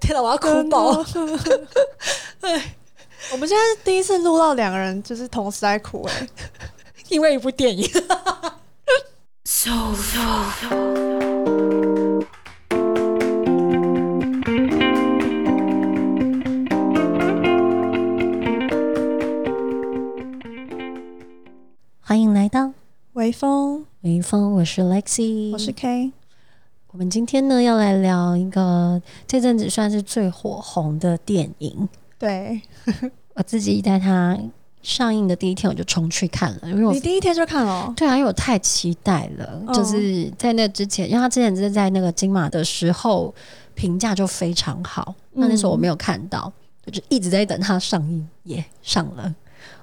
天哪，我要哭爆了、嗯嗯嗯！ 對，我們現在是第一次錄到兩個人就是同時在哭，欸，因為一部電影。 so so, so.。歡迎來到微風，微風，我是 Lexi，我是 K。我們今天呢，要來聊一個這陣子算是最火紅的電影。對， 我自己帶它上映的第一天我就衝去看了，因為我你第一天就看了？對啊，因為我太期待了，哦，就是在那之前，因為他之前就是在那個金馬的時候評價就非常好，那那時候我沒有看到，嗯、就一直在等它上映，也上了。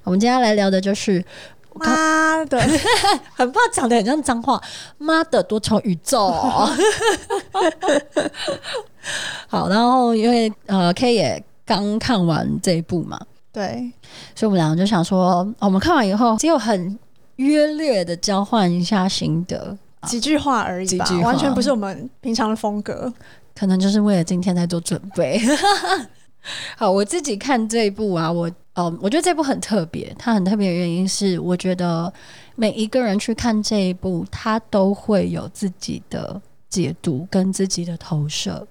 我們接下來聊的就是，媽剛的呵呵，很怕講的很像髒話。媽的，多重宇宙，哦。 好，然後因為呃 K 也剛看完這一部嘛，對，所以我們倆就想說，哦，我們看完以後只有很約略的交換一下心得，幾句話而已吧，完全不是我們平常的風格。可能就是為了今天在做準備。 好，我自己看這一部啊，我。哦，um, 我覺得這部很特別。它很特別的原因是，我覺得每一個人去看這一部，他都會有自己的解讀跟自己的投射。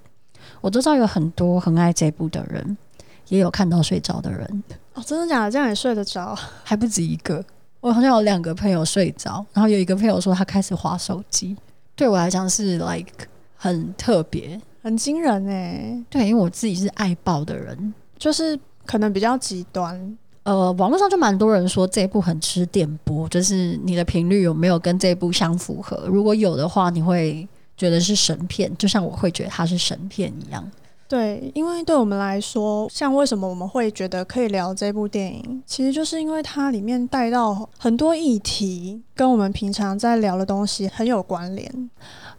我都知道有很多很愛這部的人，也有看到睡着的人。哦，真的假的？這樣也睡得着？還不止一個。我好像有兩個朋友睡着，然後有一個朋友說他開始滑手機。對我來講是 like 很特別，很驚人誒、欸。對，因為我自己是愛抱的人，就是。可能比較極端。呃，網絡上就蠻多人說這部很吃電波，就是你的頻率有沒有跟這部相符合？如果有的話，你會覺得是神片，就像我會覺得它是神片一樣。對，因為對我們來說，像為什麼我們會覺得可以聊這部電影，其實就是因為它裡面帶到很多議題，跟我們平常在聊的東西很有關聯。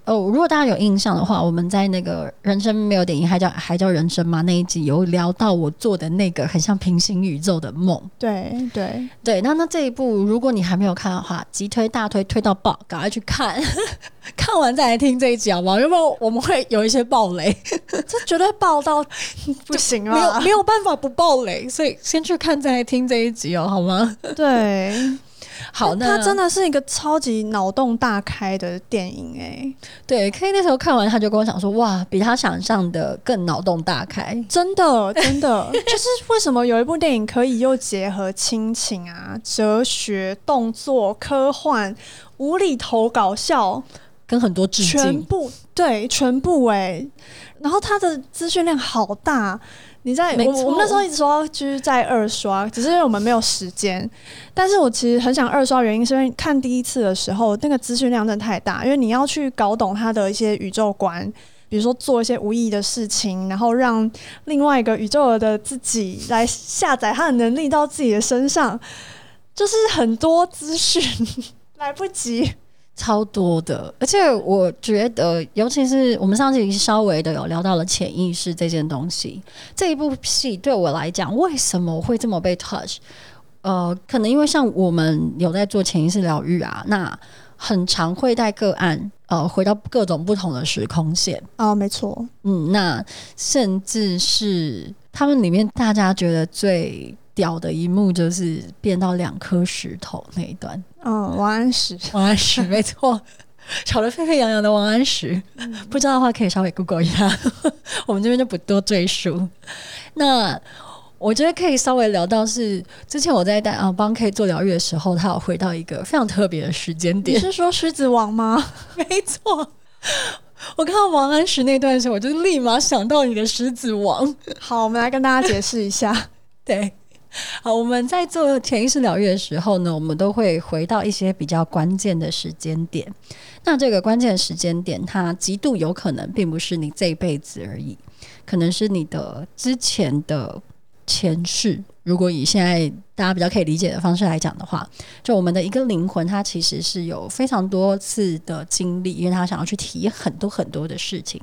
哦，oh, 如果大家有印象的話，我們在那個人生沒有電影還叫還叫人生嗎那一集有聊到我做的那個很像平行宇宙的夢。對對對，那那這一部如果你還沒有看的話，急推大推推到爆，趕快去看 看完再來聽這一集好不好？因為我們會有一些暴雷， 這絕對暴到不行啊，沒有沒有辦法不暴雷，所以先去看再來聽這一集哦，好嗎？ 對。好，那他真的是一個超級腦洞大開的電影誒、欸，對，可以那時候看完他就跟我講說：“哇，比他想象的更腦洞大開，真的真的。真的” 就是為什麼有一部電影可以又結合親情啊、哲學、動作、科幻、無厘頭搞笑，跟很多致敬，全部對全部誒、欸，然後他的資訊量好大，你在，沒錯。我們我們那時候一直說就是在二刷，只是因為我們沒有時間。但是我其實很想二刷，原因是因為看第一次的時候，那個資訊量真的太大，因為你要去搞懂他的一些宇宙觀，比如說做一些無意義的事情，然後讓另外一個宇宙的自己來下載他的能力到自己的身上，就是很多資訊來不及。超多的，而且我覺得，尤其是我們上次已經稍微的有聊到了潛意識這件東西，這一部戲對我來講，為什麼會這麼被 touch？呃，可能因為像我們有在做潛意識療癒啊，那很常會帶個案，呃，回到各種不同的時空線。啊，沒錯，嗯，那甚至是他們裡面大家覺得最。屌的一幕就是變到兩顆石頭那一段。嗯，王安石，王安石沒錯， 吵得沸沸揚揚的王安石，嗯、不知道的話可以稍微 Google 一下。 我們這邊就不多贅述。那我覺得可以稍微聊到是，之前我在帶啊幫 K 做療癒的時候，他有回到一個非常特別的時間點。你是說獅子王嗎？ 沒錯。我看到王安石那段時候，我就立馬想到你的獅子王。好，我們來跟大家解釋一下。 對。好，我們在做潛意識療癒的時候呢，我們都會回到一些比較關鍵的時間點。那這個關鍵的時間點，它極度有可能並不是你這一輩子而已，可能是你的之前的前世。如果以現在大家比較可以理解的方式來講的話，就我們的一個靈魂，它其實是有非常多次的經歷，因為它想要去體驗很多很多的事情。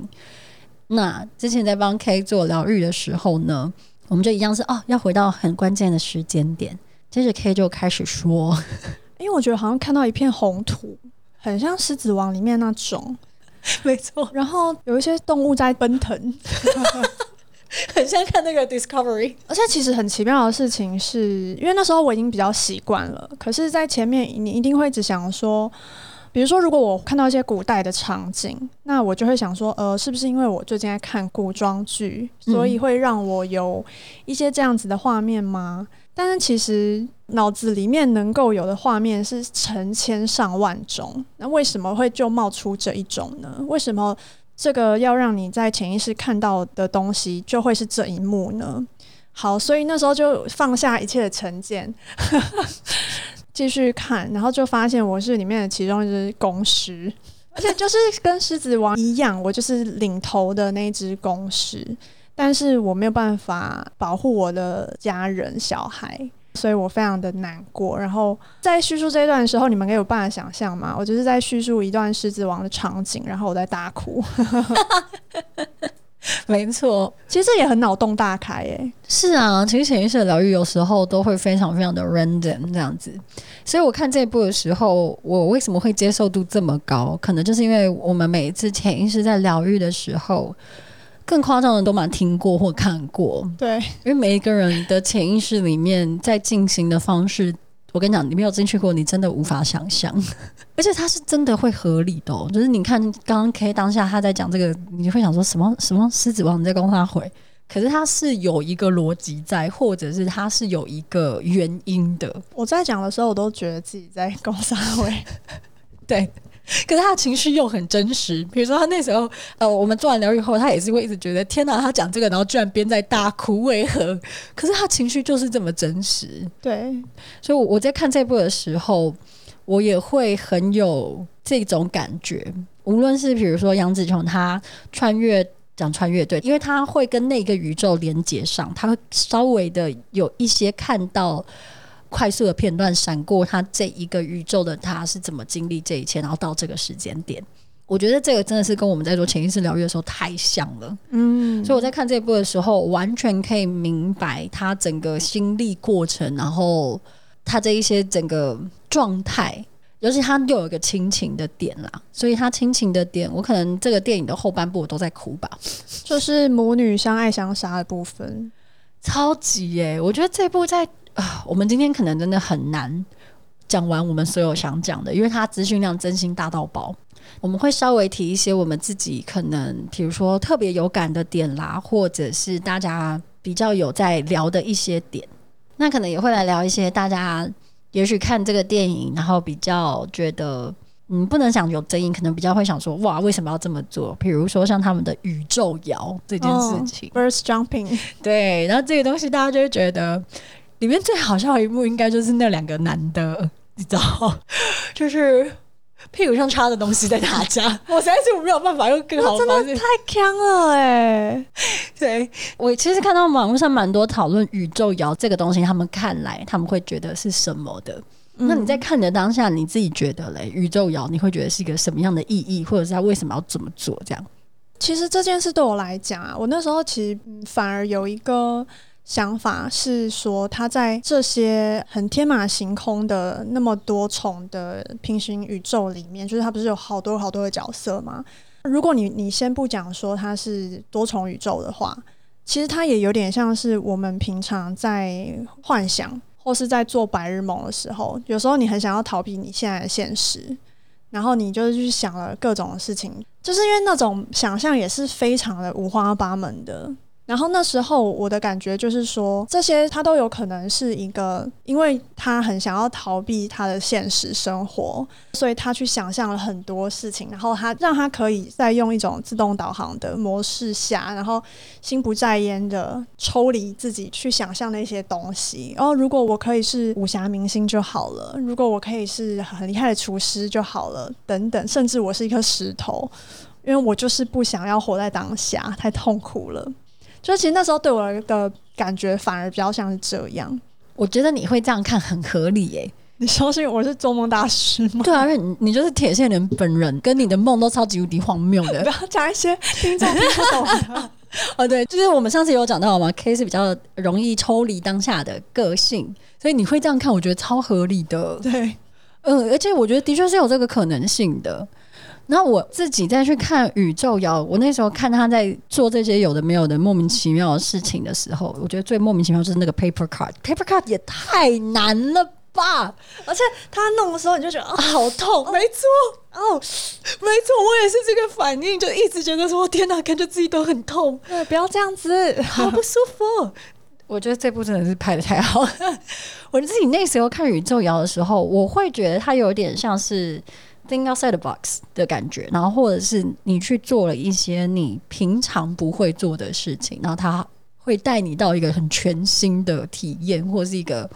那之前在幫 K 做療癒的時候呢，我們就一樣是哦，要回到很關鍵的時間點。接着 K 就開始說，因為我覺得好像看到一片紅土，很像獅子王裡面那種，沒錯 錯。然後有一些動物在奔騰， 很像看那個 Discovery。而且其實很奇妙的事情是，因為那時候我已經比較習慣了，可是，在前面你一定會只想說。比如說，如果我看到一些古代的場景，那我就會想說，呃，是不是因為我最近在看古裝劇，所以會讓我有一些這樣子的畫面嗎？嗯、但是其實腦子裡面能夠有的畫面是成千上萬種，那為什麼會就冒出這一種呢？為什麼這個要讓你在潛意識看到的東西就會是這一幕呢？好，所以那時候就放下一切的成見。 繼續看，然後就發現我是裡面的其中一隻公獅，而且就是跟獅子王一樣，我就是領頭的那隻公獅，但是我沒有辦法保護我的家人、小孩，所以我非常的難過。然後在敘述這一段的時候，你們沒有辦法想象嗎？我就是在敘述一段獅子王的場景，然後我在大哭。呵呵 沒錯，其實這也很腦洞大開誒、欸。是啊，其實潛意識的療癒有時候都會非常非常的 random 這樣子。所以我看這一部的時候，我為什麼會接受度這麼高？可能就是因為我們每一次潛意識在療癒的時候，更誇張的都蠻聽過或看過。對，因為每一個人的潛意識裡面在進行的方式。我跟你講，你沒有進去過，你真的無法想象。而且他是真的會合理的喔，就是你看剛剛 K 當下他在講這個，你會想說什麼什麼獅子王你在跟他回，可是他是有一個邏輯在，或者是他是有一個原因的。我在講的時候，我都覺得自己在公殺回，對。可是他的情緒又很真實，比如說他那時候，呃，我們做完療癒後，他也是會一直覺得，天哪、啊，他講這個，然後居然邊在大哭，為何？可是他情緒就是這麼真實。對，所以我我在看這部的時候，我也會很有這種感覺。無論是比如說楊紫瓊她穿越，講穿越，對，因為她會跟那個宇宙連接上，她會稍微的有一些看到，快速的片段閃過，他這一個宇宙的他是怎麼經歷這一切，然後到這個時間點？我覺得這個真的是跟我們在做潛意識療癒的時候太像了。嗯，所以我在看這一部的時候，完全可以明白他整個心理過程，然後他這一些整個狀態，尤其他又有一個親情的點啦，所以他親情的點，我可能這個電影的後半部我都在哭吧，就是母女相愛相殺的部分，超級耶、欸。我覺得這部在。啊，我們今天可能真的很難講完我們所有想講的，因為他的資訊量真心大到爆。我們會稍微提一些我們自己可能，比如說特別有感的點啦，或者是大家比較有在聊的一些點。那可能也會來聊一些大家也許看這個電影，然後比較覺得，嗯，不能想有爭議，可能比較會想說，哇，為什麼要這麼做？比如說像他們的宇宙搖這件事情 verse jumping，對，然後這個東西大家就會覺得。裡面最好笑的一幕應該就是那兩個男的，你知道， 就是屁股上插的東西在打架。 我實在是沒有辦法用更好方式，欸。太鏘了誒，對，我其實看到網絡上蠻多討論宇宙搖這個東西，他們看來他們會覺得是什麼的。嗯、那你在看的當下，你自己覺得嘞？宇宙搖你會覺得是一個什麼樣的意義，或者是他為什麼要這麼做？這樣？其實這件事對我來講啊，我那時候其實反而有一個。想法是說，他在這些很天馬行空的那麼多重的平行宇宙裡面，就是他不是有好多好多的角色嗎？如果你你先不講說他是多重宇宙的話，其實他也有點像是我們平常在幻想或是在做白日夢的時候，有時候你很想要逃避你現在的現實，然後你就是去想了各種的事情，就是因為那種想象也是非常的五花八門的。然後那時候我的感覺就是說，這些他都有可能是一個，因為他很想要逃避他的現實生活，所以他去想象了很多事情，然後他讓他可以在用一種自動導航的模式下，然後心不在焉的抽離自己去想象那些東西。然後如果我可以是武俠明星就好了，如果我可以是很厲害的廚師就好了，等等，甚至我是一顆石頭，因為我就是不想要活在當下，太痛苦了。就其實那時候對我的感覺反而比較像是這樣，我覺得你會這樣看很合理耶、欸。你相信我是做夢大師嗎？對啊，而且你你就是鐵線蓮本人，跟你的夢都超級無敵荒謬的， 不要講一些聽，聽不懂的。 哦，對，就是我們上次有講到嘛，K 是比較容易抽離當下的個性，所以你會這樣看，我覺得超合理的。對，嗯、呃，而且我覺得的確是有這個可能性的。那我自己再去看宇宙搖，我那時候看他在做這些有的沒有的莫名其妙的事情的時候，我覺得最莫名其妙就是那個 paper card paper card 也太難了吧！而且他弄的時候，你就覺得、哦、啊，好痛，哦、沒錯，哦，沒錯，我也是這個反應，就一直覺得說，天哪，感覺自己都很痛，對，不要這樣子，好不舒服。 我覺得這部真的是拍得太好了。 我自己那時候看宇宙搖的時候，我會覺得他有點像是。outside the box 的感覺，然後或者是你去做了一些你平常不會做的事情，然後他會帶你到一個很全新的體驗，或是一個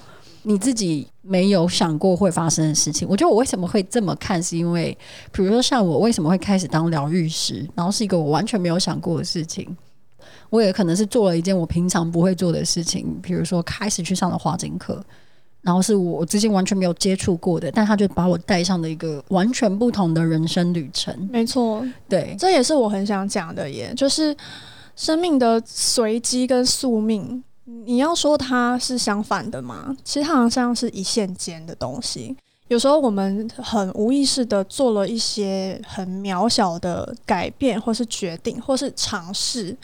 你自己沒有想過會發生的事情。我覺得我為什麼會這麼看，是因為比如說像我為什麼會開始當療癒師，然後是一個我完全沒有想過的事情。我也可能是做了一件我平常不會做的事情，比如說開始去上了花精課。然後是我之前完全沒有接觸過的，但他就把我帶上了一個完全不同的人生旅程。沒錯，對，這也是我很想講的耶，就是生命的隨機跟宿命，你要說它是相反的嗎？其實它好像是一線間的東西。有時候我們很無意識的做了一些很渺小的改變，或是決定，或是嘗試，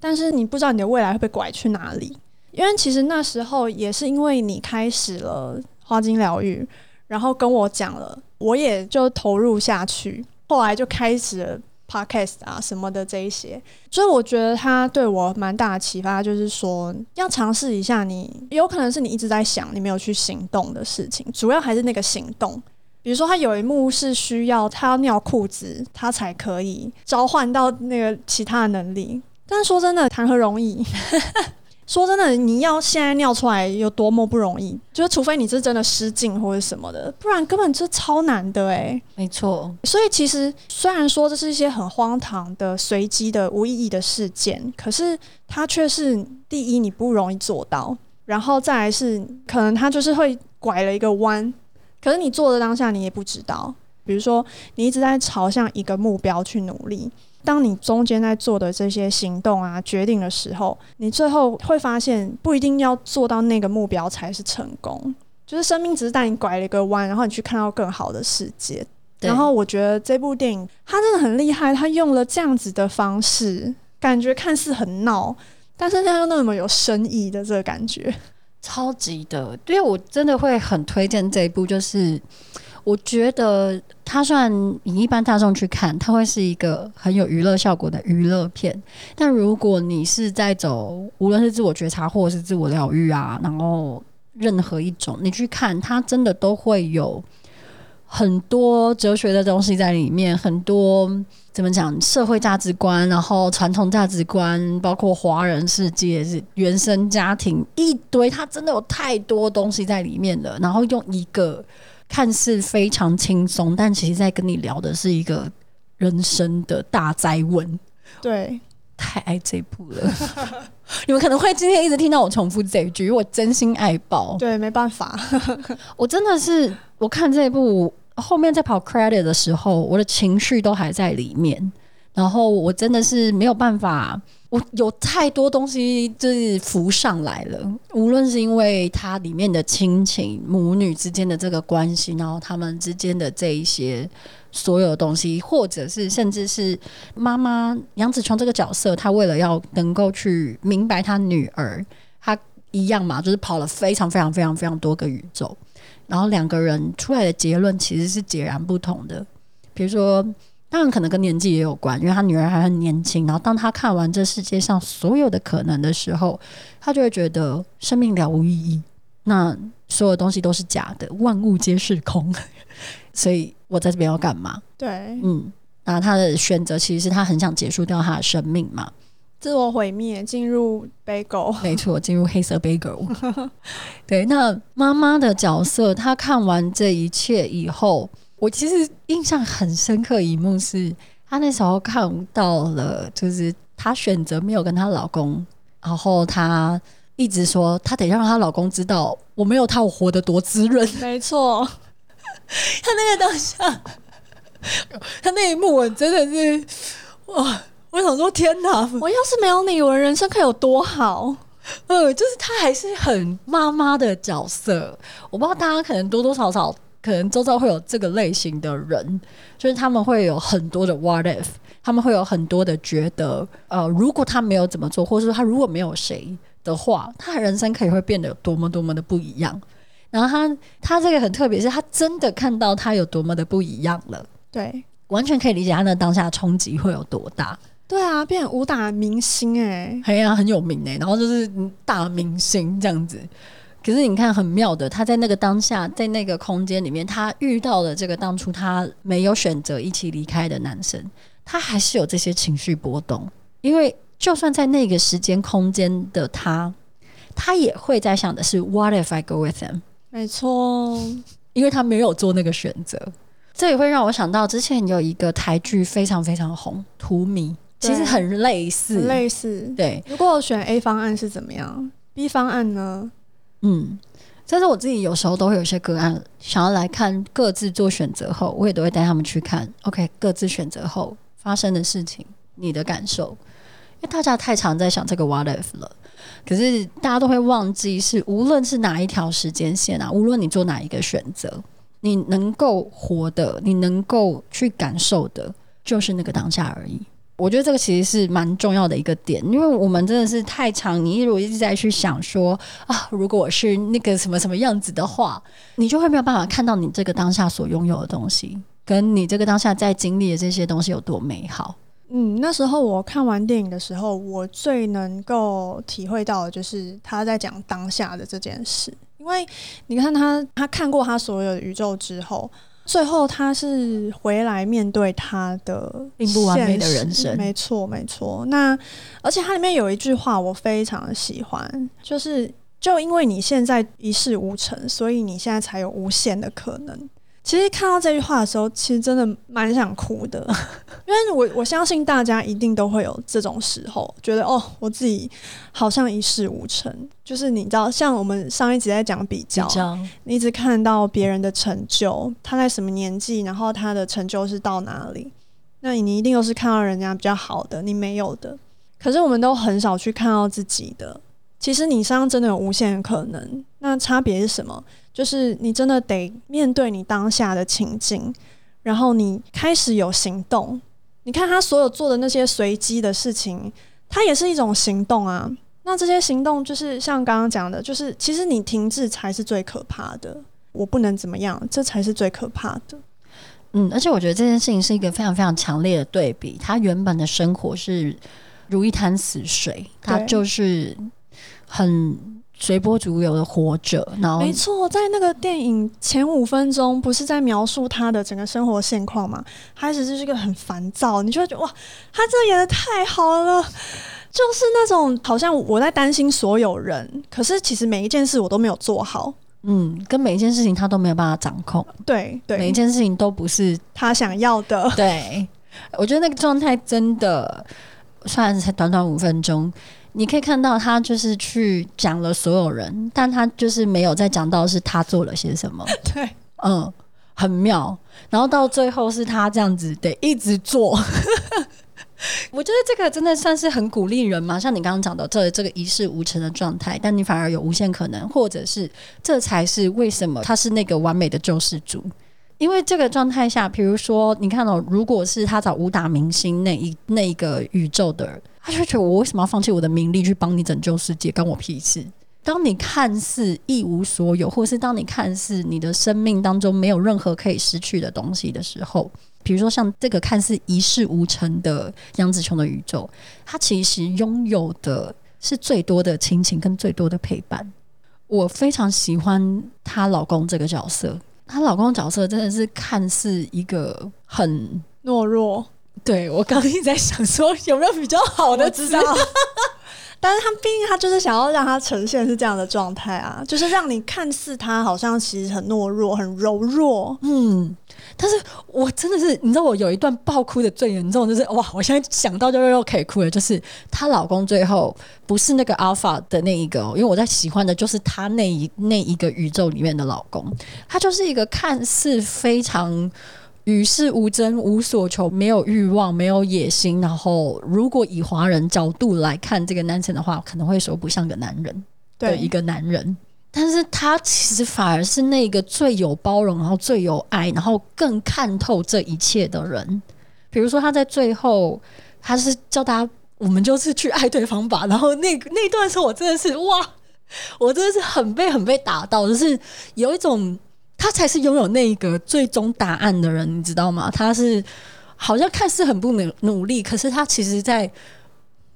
但是你不知道你的未來會被拐去哪裡。因為其實那時候也是因為你開始了花精療癒，然後跟我講了，我也就投入下去，後來就開始了 podcast 啊什麼的這一些，所以我覺得他對我蠻大的啟發，就是說要嘗試一下你，你有可能是你一直在想，你沒有去行動的事情，主要還是那個行動。比如說他有一幕是需要他要尿褲子，他才可以召喚到那個其他的能力，但是說真的，談何容易。 說真的，你要現在尿出來有多麼不容易？就是除非你是真的失禁或者什麼的，不然根本就超難的誒，沒錯，所以其實雖然說這是一些很荒唐的、隨機的、無意義的事件，可是它卻是第一，你不容易做到；然後再來是，可能它就是會拐了一個彎，可是你做的當下你也不知道。比如說，你一直在朝向一個目標去努力。當你中間在做的這些行動啊、決定的時候，你最後會發現，不一定要做到那個目標才是成功。就是生命只是帶你拐了一個彎，然後你去看到更好的世界。對然後我覺得這部電影它真的很厲害，它用了這樣子的方式，感覺看似很鬧，但是它又那麼有深意的這個感覺，超級的。對，我真的會很推薦這一部，就是。我覺得它算你一般大眾去看，它會是一個很有娛樂效果的娛樂片。但如果你是在走，無論是自我覺察或是自我療癒啊，然後任何一種你去看，它真的都會有很多哲學的東西在裡面，很多怎麼講社會價值觀，然後傳統價值觀，包括華人世界是原生家庭一堆，它真的有太多東西在裡面了。然後用一個。看似非常輕鬆，但其實在跟你聊的是一個人生的大哉問。對，太愛這一部了。 你們可能會今天一直聽到我重複這一句，因為我真心愛爆。對，沒辦法， 我真的是我看這一部後面在跑 credit 的時候，我的情緒都還在裡面，然後我真的是沒有辦法。我有太多東西就是浮上來了，無論是因為它裡面的親情、母女之間的這個關係，然後他們之間的這一些所有的東西，或者是甚至是媽媽楊紫瓊這個角色，她為了要能夠去明白她女兒，她一樣嘛，就是跑了非常非常非常非常多個宇宙，然後兩個人出來的結論其實是截然不同的，比如說。當然，可能跟年紀也有關，因為他女兒還很年輕。然後，當他看完這世界上所有的可能的時候，他就會覺得生命了無意義，那所有東西都是假的，萬物皆是空。 所以我在這邊要幹嘛？對，嗯，那他的選擇其實是他很想結束掉他的生命嘛，自我毀滅，進入 bagel，沒錯，進入黑色 bagel。 對，那媽媽的角色，她看完這一切以後，我其實印象很深刻一幕是，她那時候看到了，就是她選擇沒有跟她老公，然後她一直說她得讓她老公知道，我沒有他我活得多滋潤。嗯，沒錯，她那個當下，她那一幕我真的是，哇！我想說天哪，我要是沒有你，我人生可以有多好？嗯，就是她還是很媽媽的角色，我不知道大家可能多多少少。可能周遭會有這個類型的人，就是他們會有很多的 “what if”，他們會有很多的覺得，呃，如果他沒有怎麼做，或者說他如果沒有誰的話，他人生可以會變得有多麼多麼的不一樣。然後他他這個很特別，是他真的看到他有多麼的不一樣了。對，完全可以理解他那當下的衝擊會有多大。對啊，變成武打明星誒、欸，對啊，很有名誒、欸，然後就是大明星這樣子。可是你看，很妙的，他在那個當下，在那個空間裡面，他遇到了這個當初他沒有選擇一起離開的男生，他還是有這些情緒波動。因為就算在那個時間空間的他，他也會在想的是 “What if I go with him？” 沒錯錯，因為他沒有做那個選擇。這也會讓我想到之前有一個台劇非常非常紅，me《荼蘼對》，其實很類似，很類似。對，如果我選 A 方案是怎麼樣？B 方案呢？嗯，但是我自己有時候都會有些個案想要來看各自做選擇後，我也都會帶他們去看。OK，各自選擇後發生的事情，你的感受，因為大家太常在想這個 what if 了，可是大家都會忘記是無論是哪一條時間線啊，無論你做哪一個選擇，你能夠活的，你能夠去感受的，就是那個當下而已。我覺得這個其實是蠻重要的一個點，因為我們真的是太長，你如果一直在去想說啊，如果我是那個什麼什麼樣子的話，你就會沒有辦法看到你這個當下所擁有的東西，跟你這個當下在經歷的這些東西有多美好。嗯，那時候我看完電影的時候，我最能夠體會到的就是他在講當下的這件事，因為你看他，他看過他所有的宇宙之後。最後，他是回來面對他的並不完美的人生。沒錯，沒錯。那而且它裡面有一句話我非常喜歡，就是“就因為你現在一事無成，所以你現在才有無限的可能。”其實看到這句話的時候，其實真的蠻想哭的，因為我我相信大家一定都會有這種時候，覺得哦，我自己好像一事無成。就是你知道，像我們上一集在講比較，比較你一直看到別人的成就，他在什麼年紀，然後他的成就是到哪裡，那你一定又是看到人家比較好的，你沒有的。可是我們都很少去看到自己的。其實你身上真的有無限可能。那差別是什麼？就是你真的得面對你當下的情境，然後你開始有行動。你看他所有做的那些隨機的事情，它也是一種行動啊。那這些行動就是像剛剛講的，就是其實你停滯才是最可怕的。我不能怎麼樣，這才是最可怕的。嗯，而且我覺得這件事情是一個非常非常強烈的對比。他原本的生活是如一潭死水，對他就是。很隨波逐流的活着，然後沒錯，在那個電影前五分鐘不是在描述他的整個生活現況嗎？開始就是一個很煩躁，你就會覺得哇，他這演得太好了，就是那種好像我在擔心所有人，可是其實每一件事我都沒有做好，嗯，跟每一件事情他都沒有辦法掌控，對，對，每一件事情都不是他想要的，對，我覺得那個狀態真的，雖然才短短五分鐘。你可以看到他就是去講了所有人，但他就是沒有再講到是他做了些什麼。對，嗯，很妙。然後到最後是他這樣子得一直做。 我覺得這個真的算是很鼓勵人嘛，像你剛剛講的，這個、這個一事無成的狀態，但你反而有無限可能，或者是這才是為什麼他是那個完美的救世主，因為這個狀態下，比如說你看哦，如果是他找武打明星那一那一個宇宙的他就覺得我為什麼要放棄我的名利去幫你拯救世界？關我屁事！當你看似一無所有，或是當你看似你的生命當中沒有任何可以失去的東西的時候，比如說像這個看似一事無成的楊紫瓊的宇宙，他其實擁有的是最多的親情跟最多的陪伴。我非常喜歡她老公這個角色，她老公角色真的是看似一個很懦弱。對我剛一直在想說有沒有比較好的，啊、知道， 但是他畢竟他就是想要讓他呈現是這樣的狀態啊，就是讓你看似他好像其實很懦弱很柔弱，嗯，但是我真的是你知道我有一段爆哭的最嚴重就是哇我現在想到就又，又可以哭了，就是她老公最後不是那個阿爾法的那一個，哦，因為我在喜歡的就是他那一那一個宇宙裡面的老公，他就是一個看似非常。與世無爭，無所求，沒有慾望，沒有野心。然後，如果以華人角度來看這個男生的話，可能會說不像個男人。對，一個男人，但是他其實反而是那個最有包容，然後最有愛，然後更看透這一切的人。比如說，他在最後，他是叫大家，我們就是去愛對方吧。然後，那個，那那段時候，我真的是哇，我真的是很被很被打到，就是有一種。他才是擁有那一個最終答案的人，你知道嗎？他是好像看似很不努努力，可是他其實在，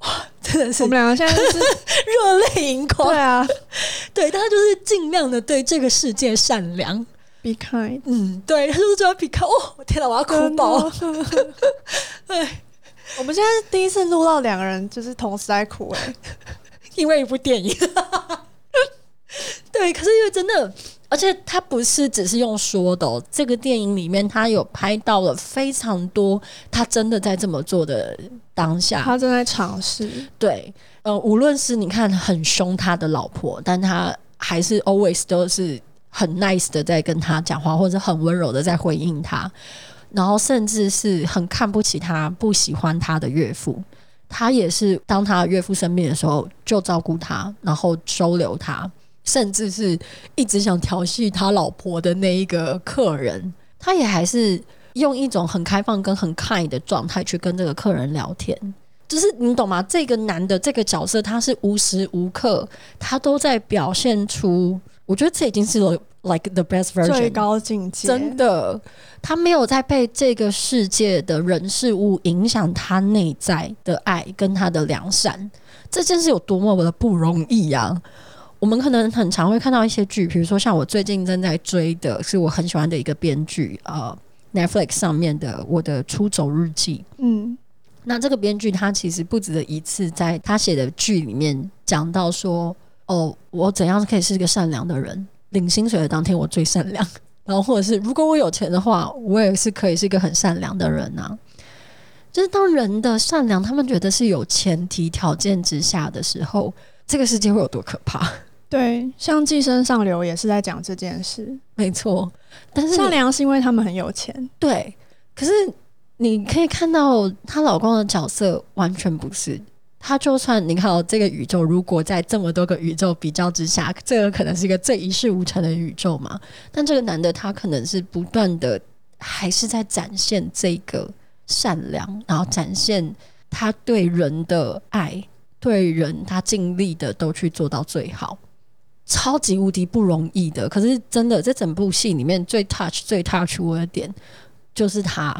哇，真的是我們兩個現在，就是熱淚 盈眶，對啊， 對，但他就是盡量的對這個世界善良，be kind，嗯，對，他就是就要 be kind，哦，我天哪，我要哭爆，對， 我們現在是第一次錄到兩個人就是同時在哭，欸，哎， 因為一部電影。 對，可是因為真的，而且他不是只是用說的哦，這個電影裡面他有拍到了非常多他真的在這麼做的當下，他正在嘗試。對，呃，無論是你看很凶他的老婆，但他還是 always 都是很 nice 的在跟他講話，或者很溫柔的在回應他，然後甚至是很看不起他、不喜歡他的岳父，他也是當他岳父生病的時候就照顧他，然後收留他。甚至是一直想調戲他老婆的那一個客人，他也還是用一種很開放跟很 kind 的狀態去跟這個客人聊天。嗯、就是你懂嗎？這個男的這個角色，他是無時無刻他都在表現出，我覺得這已經是 the, like the best version 最高境界。真的，他沒有在被這個世界的人事物影響他內在的愛跟他的良善，這件事有多麼的不容易呀、啊！我們可能很常會看到一些劇，比如說像我最近正在追的是我很喜歡的一個編劇啊，Netflix 上面的《我的出走日記》。嗯，那這個編劇他其實不止的一次在他寫的劇裡面講到說：“哦，我怎樣可以是一個善良的人？領薪水的當天我最善良，然後或者是如果我有錢的話，我也是可以是一個很善良的人吶、啊。”就是當人的善良他們覺得是有前提條件之下的時候，這個世界會有多可怕？對，像《寄生上流》也是在講這件事，沒錯。但是善良是因為他們很有錢，對。可是你可以看到她老公的角色完全不是他。就算你看到這個宇宙，如果在這麼多個宇宙比較之下，這個可能是一個最一事無成的宇宙嘛？但這個男的他可能是不斷的，還是在展現這個善良，然後展現他對人的愛，對人他盡力的都去做到最好。超級無敵不容易的，可是真的，這整部戲裡面最 touch 最 touch 我的點就是他，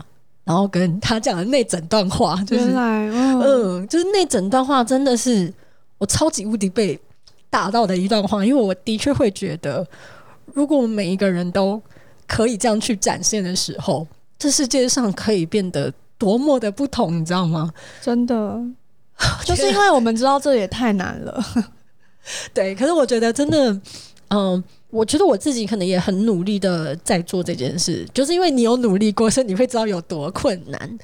然後跟他講的那整段話，原來就是嗯，嗯就是那整段話真的是我超級無敵被打到的一段話，因為我的確會覺得，如果我們每一個人都可以這樣去展現的時候，這世界上可以變得多麼的不同，你知道嗎？真的， 就是因為我們知道這也太難了。對，可是我覺得真的，嗯，我覺得我自己可能也很努力的在做這件事，就是因為你有努力過，所以你會知道有多困難。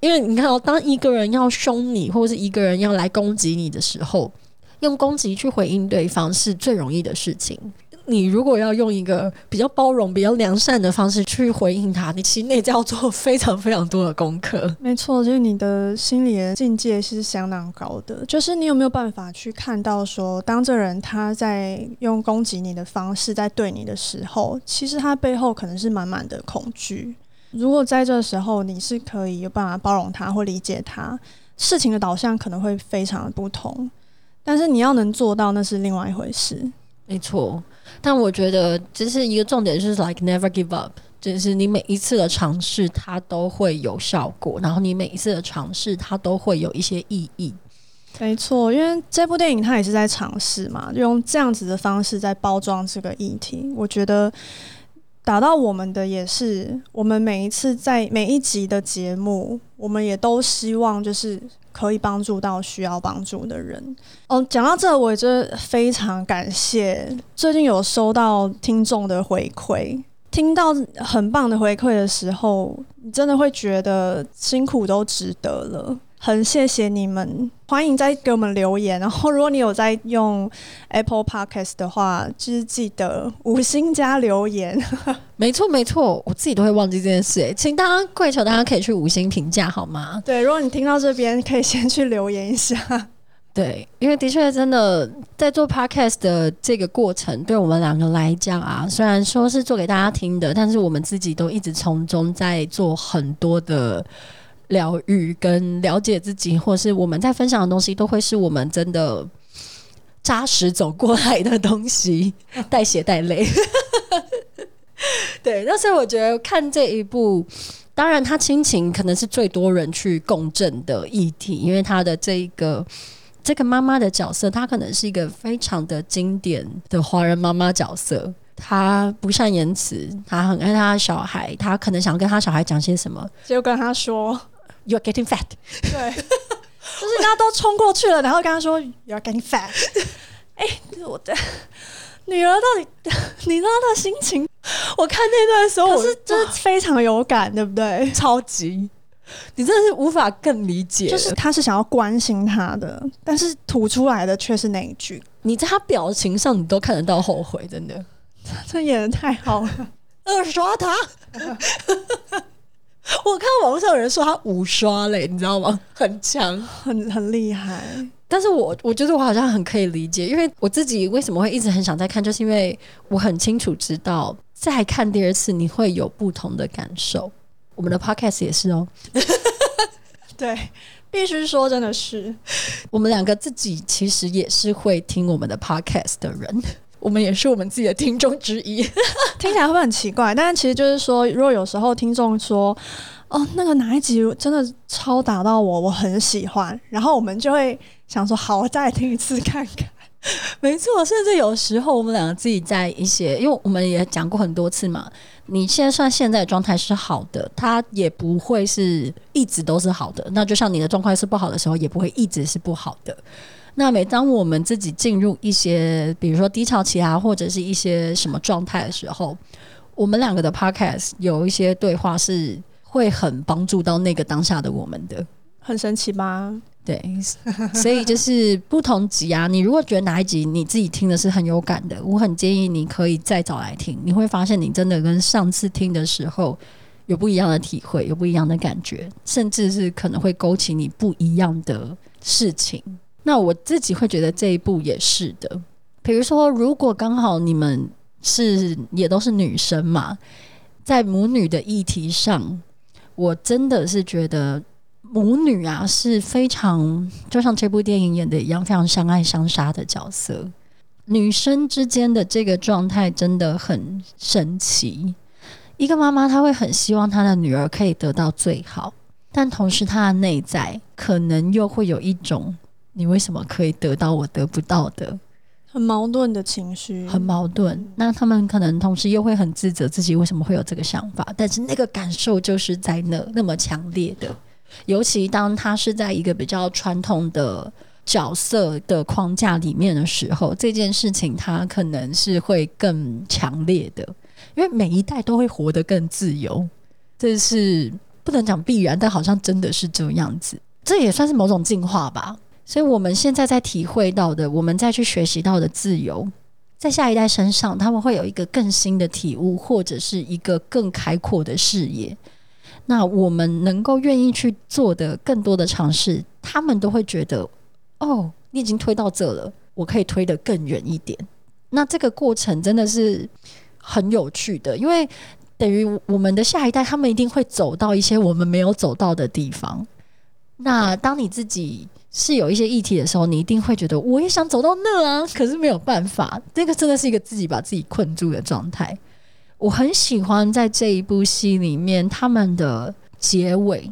因為你看到，當一個人要凶你，或者是一個人要來攻擊你的時候，用攻擊去回應對方是最容易的事情。你如果要用一個比較包容，比較良善的方式去回應他，你其實內在要做非常非常多的功課。沒錯，就是你的心理的境界是相當高的。就是你有沒有辦法去看到說，說當這人他在用攻擊你的方式在對你的時候，其實他背後可能是滿滿的恐懼。如果在這時候你是可以有辦法包容他或理解他，事情的導向可能會非常的不同。但是你要能做到，那是另外一回事。沒錯。但我覺得，這是一個重點，就是 like never give up，就是你每一次的嘗試，它都會有效果，然後你每一次的嘗試，它都會有一些意義。沒錯，因為這部電影它也是在嘗試嘛，用這樣子的方式在包裝這個議題。我覺得打到我們的也是，我們每一次在每一集的節目，我們也都希望就是。可以幫助到需要幫助的人。哦，講到這，我也真的非常感謝。最近有收到聽眾的回饋，聽到很棒的回饋的時候，你真的會覺得辛苦都值得了。很謝謝你們，歡迎再給我們留言。然後，如果你有在用 Apple Podcast 的話，就是記得五星加留言。 沒錯，沒錯，我自己都會忘記這件事。請大家跪求，大家可以去五星評價好嗎？對，如果你聽到這邊，可以先去留言一下。對，因為的確真的在做 Podcast 的這個過程，對我們兩個來講啊，雖然說是做給大家聽的，但是我們自己都一直從中在做很多的。療癒跟了解自己，或是我們在分享的東西，都會是我們真的扎實走過來的東西，啊，帶血帶淚。 對，但是我覺得看這一部，當然他親情可能是最多人去共振的議題，因為他的這一個這個媽媽的角色，她可能是一個非常的經典的華人媽媽角色。她不善言辭，她很愛她的小孩，她可能想要跟她小孩講些什麼，就跟她說。You're getting fat。對， 就是大家都衝過去了，然後跟他說 You're getting fat。哎，欸，我的女兒到底，你知道她心情？我看那段時候我，我是真的非常有感，哇對不對？超級， 你真的是無法更理解。就是他是想要關心他的，但是吐出來的卻是那一句。你在他表情上，你都看得到後悔，真的。 他真的演得太好了， 二刷他。 我看網絡上有人說他五刷嘞，你知道嗎？很強，很很厲害。但是我我覺得我好像很可以理解，因為我自己為什麼會一直很想再看，就是因為我很清楚知道，再看第二次你會有不同的感受。我們的 podcast 也是哦， 對，必須說真的是，我們兩個自己其實也是會聽我們的 podcast 的人。我們也是我們自己的聽眾之一，聽起來會不會很奇怪？但是其實就是說，如果有時候聽眾說，哦，那個哪一集真的超打到我，我很喜歡，然後我們就會想說，好，我再聽一次看看。沒錯，甚至有時候我們兩個自己在一些，因為我們也講過很多次嘛。你現在算現在的狀態是好的，它也不會是一直都是好的。那就像你的狀態是不好的時候，也不會一直是不好的。那每當我們自己進入一些，比如說低潮期啊，或者是一些什麼狀態的時候，我們兩個的 podcast 有一些對話是會很幫助到那個當下的我們的，很神奇嗎？對，所以就是不同集啊，你如果覺得哪一集你自己聽的是很有感的，我很建議你可以再找來聽，你會發現你真的跟上次聽的時候有不一樣的體會，有不一樣的感覺，甚至是可能會勾起你不一樣的事情。那我自己會覺得這一部也是的。比如說，如果剛好你們是也都是女生嘛，在母女的議題上，我真的是覺得母女啊是非常就像這部電影演的一樣，非常相愛相殺的角色。女生之間的這個狀態真的很神奇。一個媽媽，她會很希望她的女兒可以得到最好，但同時她的內在可能又會有一種。你為什麼可以得到我得不到的？很矛盾的情緒，很矛盾。嗯、那他們可能同時又會很自責自己為什麼會有這個想法，但是那個感受就是在那，那麼強烈的。尤其當他是在一個比較傳統的角色的框架裡面的時候，這件事情他可能是會更強烈的。因為每一代都會活得更自由，這是不能講必然，但好像真的是這樣子。這也算是某種進化吧。所以，我們現在在體會到的，我們再去學習到的自由，在下一代身上，他們會有一個更新的體悟，或者是一個更開闊的視野。那我們能夠願意去做的更多的嘗試，他們都會覺得，哦，你已經推到這了，我可以推得更遠一點。那這個過程真的是很有趣的，因為等於我們的下一代，他們一定會走到一些我們沒有走到的地方。那當你自己，是有一些議題的時候，你一定會覺得我也想走到那啊，可是沒有辦法。這個真的是一個自己把自己困住的狀態。我很喜歡在這一部戲裡面他們的結尾，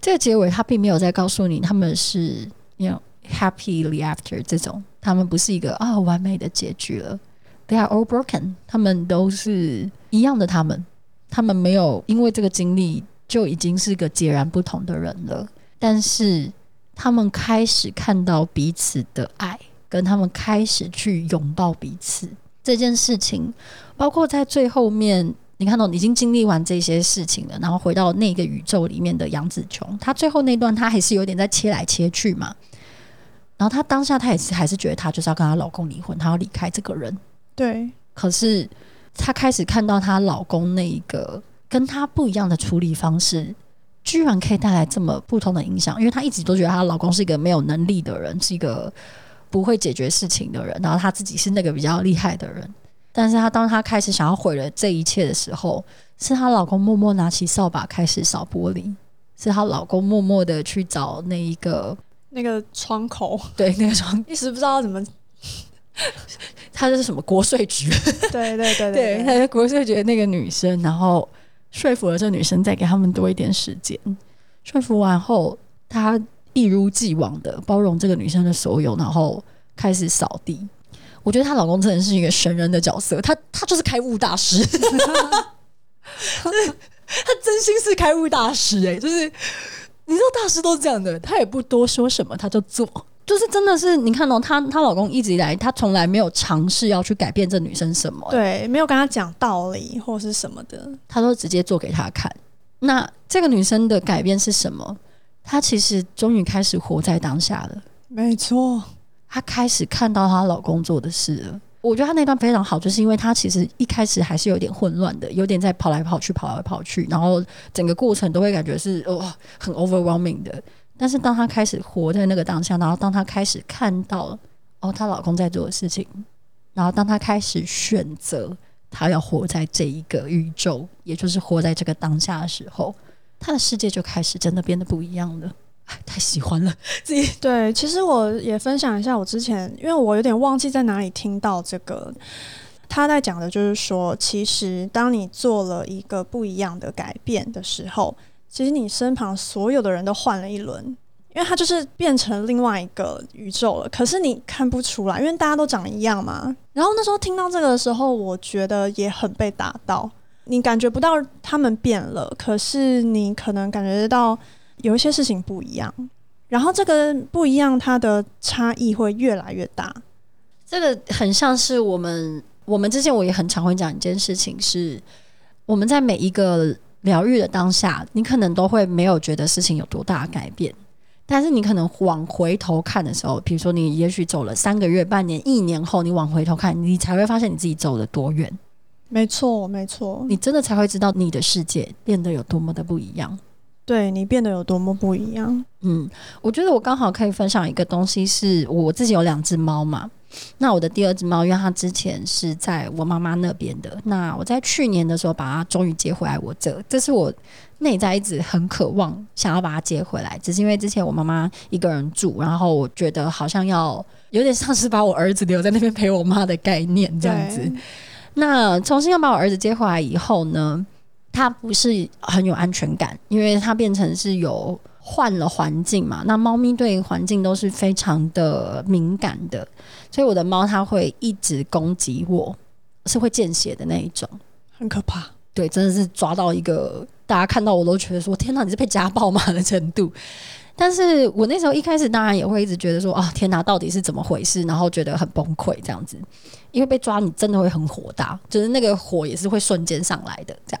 這個結尾它並沒有在告訴你他們是那種 you know, happily after 這種，他們不是一個啊、哦、完美的結局了。They are all broken，他們都是一樣的，他們他們沒有因為這個經歷就已經是個截然不同的人了，但是。他們開始看到彼此的愛，跟他們開始去擁抱彼此這件事情，包括在最後面，你看到已經經歷完這些事情了，然後回到那個宇宙裡面的楊紫瓊，她最後那段她還是有點在切來切去嘛，然後她當下她也是還是覺得她就是要跟她老公離婚，她要離開這個人，對，可是她開始看到她老公那一個跟她不一樣的處理方式。居然可以帶來這麼不同的影響，因為她一直都覺得她老公是一個沒有能力的人，是一個不會解決事情的人，然後她自己是那個比較厲害的人。但是她當她開始想要毀了這一切的時候，是她老公默默拿起掃把開始掃玻璃，是她老公默默的去找那一個那個窗口，對那個窗，一直不知道怎麼，她就 是什麼國稅局， 對，對，對，對對對對，她是國稅局的那個女生，然後，說服了這女生，再給他們多一點時間。說服完後，他一如既往的包容這個女生的所有，然後開始掃地。我覺得她老公真的是一個神人的角色，他他就是開悟大師，他真心是開悟大師哎、欸，就是你知道大師都是這樣的，他也不多說什麼，他就做。就是真的是你看哦，她她老公一直以來，她從來沒有嘗試要去改變這女生什麼，對，沒有跟她講道理或是什麼的，她都直接做給她看。那這個女生的改變是什麼？她其實終於開始活在當下了，沒錯，她開始看到她老公做的事了。我覺得她那段非常好，就是因為她其實一開始還是有點混亂的，有點在跑來跑去，跑來跑去，然後整個過程都會感覺是哦，很 overwhelming 的。但是，當她開始活在那個當下，然後當她開始看到了哦，她老公在做的事情，然後當她開始選擇她要活在這一個宇宙，也就是活在這個當下的時候，她的世界就開始真的變得不一樣了。唉，太喜歡了！自己對，其實我也分享一下我之前，因為我有點忘記在哪裡聽到這個。他在講的就是說，其實當你做了一個不一樣的改變的時候。其實你身旁所有的人都換了一輪，因為他就是變成另外一個宇宙了。可是你看不出來，因為大家都長一樣嘛。然後那時候聽到這個的時候，我覺得也很被打到。你感覺不到他們變了，可是你可能感覺到有一些事情不一樣。然後這個不一樣，它的差異會越來越大。這個很像是我們，我們之前我也很常會講一件事情是，是我們在每一個。療癒的當下，你可能都會沒有覺得事情有多大的改變，但是你可能往回頭看的時候，比如說你也許走了三個月、半年、一年後，你往回頭看，你才會發現你自己走了多遠。沒錯，沒錯，你真的才會知道你的世界變得有多麼的不一樣。對，你變得有多麼不一樣？嗯，我覺得我剛好可以分享一個東西，是我自己有兩隻貓嘛。那我的第二隻貓，因為它之前是在我媽媽那邊的，那我在去年的時候把它終於接回來我這。這是我內在一直很渴望想要把它接回來，只是因為之前我媽媽一個人住，然後我覺得好像要有點像是把我兒子留在那邊陪我媽的概念這樣子。對那重新要把我兒子接回來以後呢？它不是很有安全感，因為它變成是有換了環境嘛。那貓咪對於環境都是非常的敏感的，所以我的貓它會一直攻擊我，是會見血的那一種，很可怕。對，真的是抓到一個大家看到我都覺得說天哪，你是被家暴嗎的程度？但是我那時候一開始當然也會一直覺得說啊、哦、天哪，到底是怎麼回事？然後覺得很崩潰這樣子，因為被抓你真的會很火大，就是那個火也是會瞬間上來的這樣。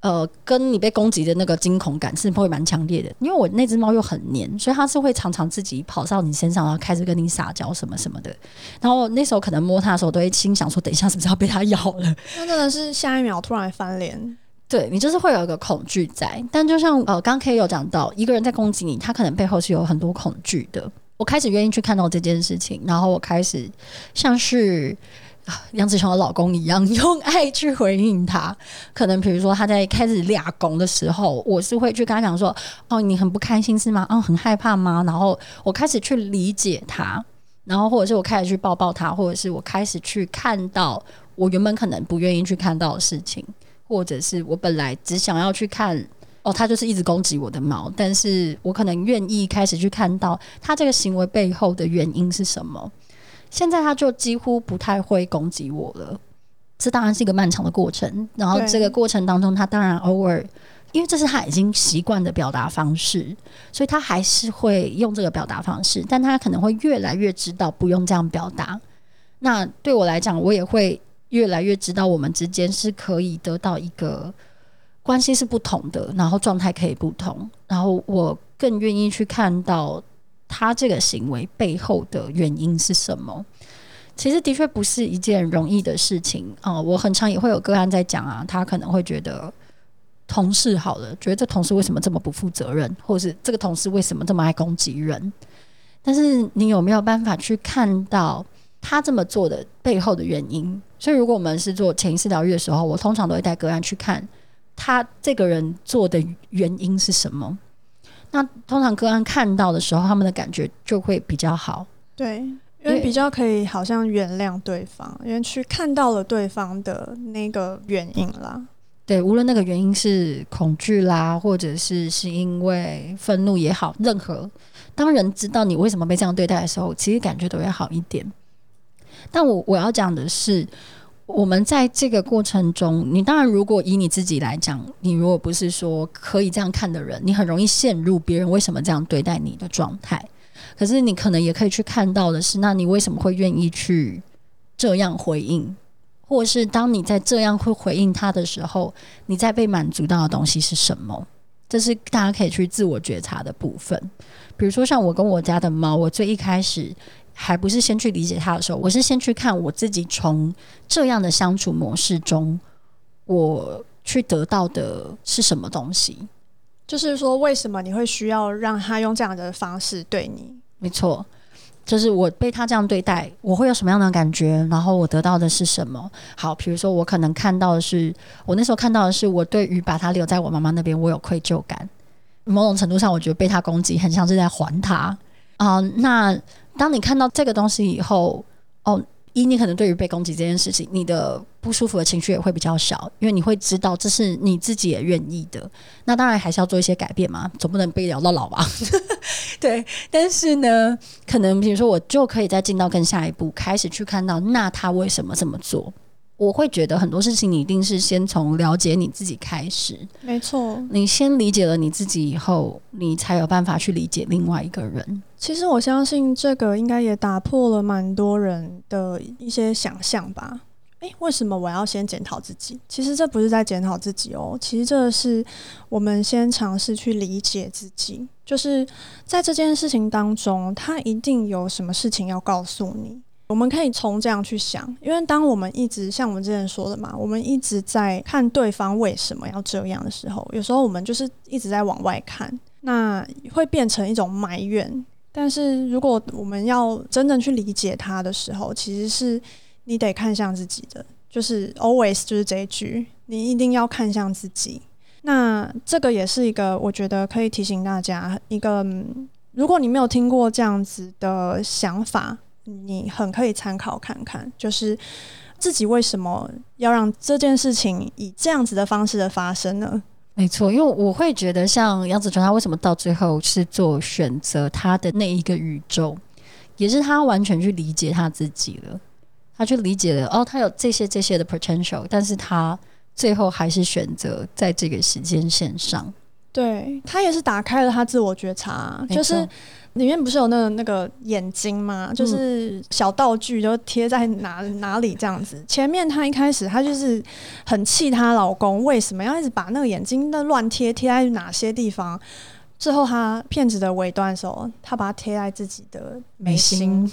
呃，跟你被攻擊的那個驚恐感是不會蠻強烈的，因為我那隻貓又很黏，所以它是會常常自己跑上你身上，然後開始跟你撒嬌什麼什麼的。然後那時候可能摸它的時候，都會心想說：等一下是不是要被它咬了？那真的是下一秒突然翻臉。對，你就是會有一個恐懼在。但就像呃，剛剛 K 有講到，一個人在攻擊你，他可能背後是有很多恐懼的。我開始願意去看到這件事情，然後我開始像是。啊，楊紫瓊的老公一樣，用愛去回應他。可能比如說，他在開始倆功的時候，我是會去跟他講說：“哦，你很不開心是嗎？哦，很害怕嗎？”然後我開始去理解他，然後或者是我開始去抱抱他，或者是我開始去看到我原本可能不願意去看到的事情，或者是我本來只想要去看哦，他就是一直攻擊我的貓，但是我可能願意開始去看到他這個行為背後的原因是什麼。現在他就幾乎不太會攻擊我了，這當然是一個漫長的過程。然後這個過程當中，他當然偶爾，因為這是他已經習慣的表達方式，所以他還是會用這個表達方式。但他可能會越來越知道不用這樣表達。那對我來講，我也會越來越知道我們之間是可以得到一個關係是不同的，然後狀態可以不同。然後我更願意去看到他這個行為背後的原因是什麼。其實的確不是一件容易的事情啊，呃，我很常也會有個案在講啊，他可能會覺得同事好了，覺得這同事為什麼這麼不負責任，或者是這個同事為什麼這麼愛攻擊人？但是你有沒有辦法去看到他這麼做的背後的原因？所以，如果我們是做潛意識療癒的時候，我通常都會帶個案去看他這個人做的原因是什麼。那通常個案看到的時候，他們的感覺就會比較好。對。因為，因為比較可以好像原諒對方，因為去看到了對方的那個原因啦。嗯。對，無論那個原因是恐懼啦，或者是是因為憤怒也好，任何，當人知道你為什麼被這樣對待的時候，其實感覺都會好一點。但我我要講的是，我們在這個過程中，你當然如果以你自己來講，你如果不是說可以這樣看的人，你很容易陷入別人為什麼這樣對待你的狀態。可是你可能也可以去看到的是，那你為什麼會願意去這樣回應？或是當你在這樣會回應他的時候，你在被滿足到的東西是什麼？這是大家可以去自我覺察的部分。比如說，像我跟我家的貓，我最一開始還不是先去理解他的時候，我是先去看我自己從這樣的相處模式中，我去得到的是什麼東西。就是說，為什麼你會需要讓他用這樣的方式對你？沒錯，就是我被他這樣對待，我會有什麼樣的感覺？然後我得到的是什麼？好，比如說我可能看到的是，我那時候看到的是，我對於把他留在我媽媽那邊，我有愧疚感。某種程度上，我覺得被他攻擊，很像是在還他啊，呃。那當你看到這個東西以後，哦。一，你可能對於被攻擊這件事情，你的不舒服的情緒也會比較小，因為你會知道這是你自己也願意的。那當然還是要做一些改變嘛，總不能被聊到老吧？ 對，但是呢，可能比如說我就可以再進到更下一步，開始去看到那他為什麼這麼做。我會覺得很多事情，你一定是先從了解你自己開始。沒錯，你先理解了你自己以後，你才有辦法去理解另外一個人。其實我相信這個應該也打破了蠻多人的一些想象吧。誒，為什麼我要先檢討自己？其實這不是在檢討自己哦，其實這是我們先嘗試去理解自己，就是在這件事情當中，他一定有什麼事情要告訴你。我們可以從這樣去想，因為當我們一直像我們之前說的嘛，我們一直在看對方為什麼要這樣的時候，有時候我們就是一直在往外看，那會變成一種埋怨。但是如果我們要真正去理解他的時候，其實是你得看向自己的，就是 always 就是這一句，你一定要看向自己。那這個也是一個我覺得可以提醒大家一個，嗯，如果你沒有聽過這樣子的想法。你很可以參考看看，就是自己為什麼要讓這件事情以這樣子的方式的發生呢？沒錯，因為我會覺得，像楊子川他為什麼到最後是做選擇他的那一個宇宙，也是他完全去理解他自己了。他去理解了哦，他有這些這些的 potential，但是他最後還是選擇在這個時間線上，對他也是打開了他自我覺察，沒錯。就是。裡面不是有那個那個眼睛嗎？就是小道具，都貼在哪、嗯、哪裡這樣子。前面她一開始她就是很氣她老公，為什麼要一直把那個眼睛那亂貼貼在哪些地方？最後她片子的尾段時候，她把它貼在自己的眉心，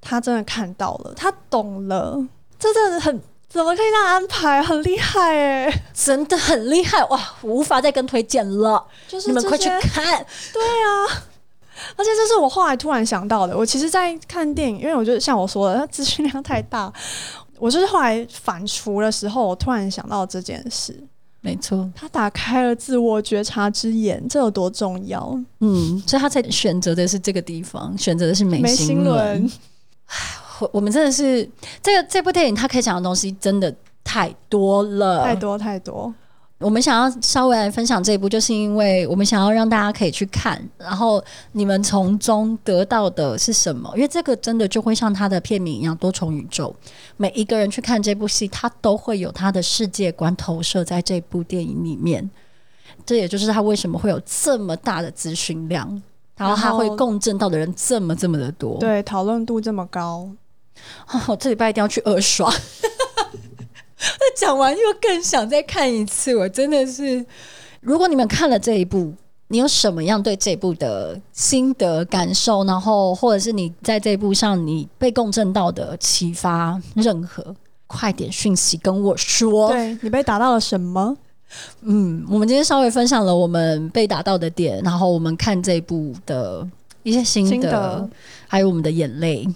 她心真的看到了，她懂了，這真的很，怎麼可以這樣安排，很厲害哎、欸，真的很厲害哇，無法再跟推薦了，就是你們快去看， 對啊。而且這是我後來突然想到的，我其實，在看電影，因為我覺得像我說的，它資訊量太大。我就是後來反芻的時候，我突然想到這件事。沒錯，他打開了自我覺察之眼，這有多重要？嗯，所以他才選擇的是這個地方，選擇的是眉心輪。唉，我們真的是這個，這部電影，它可以講的東西真的太多了，太多太多。我們想要稍微來分享這一部，就是因為我們想要讓大家可以去看，然後你們從中得到的是什麼？因為這個真的就會像他的片名一樣，多重宇宙，每一個人去看這部戲，他都會有他的世界觀投射在這部電影裡面。這也就是他為什麼會有這麼大的資訊量，然後，然後他會共振到的人這麼這麼的多，對，討論度這麼高。我、哦、這禮拜一定要去二刷。那講完又更想再看一次，我真的是。如果你們看了這一部，你有什麼樣對這一部的心得感受？然後，或者是你在這一部上你被共振到的啟發，任何快點訊息跟我說。對，你被打到了什麼？嗯，我們今天稍微分享了我們被打到的點，然後我們看這一部的一些心得，心得還有我們的眼淚。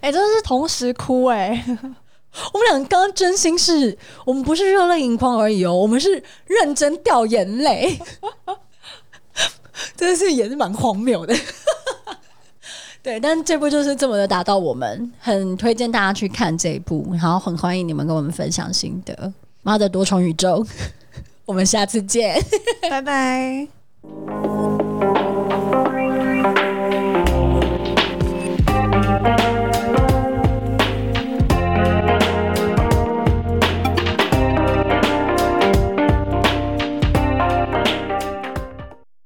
哎、 欸，真的是同時哭哎、欸。我們倆剛剛真心是我們不是熱淚盈眶而已哦，我們是認真掉眼淚， 真的是也是蠻荒謬的。 對，但這部就是這麼的打到我們，很推薦大家去看這一部，然後很歡迎你們跟我們分享心得。媽的多重宇宙， 我們下次見，拜拜。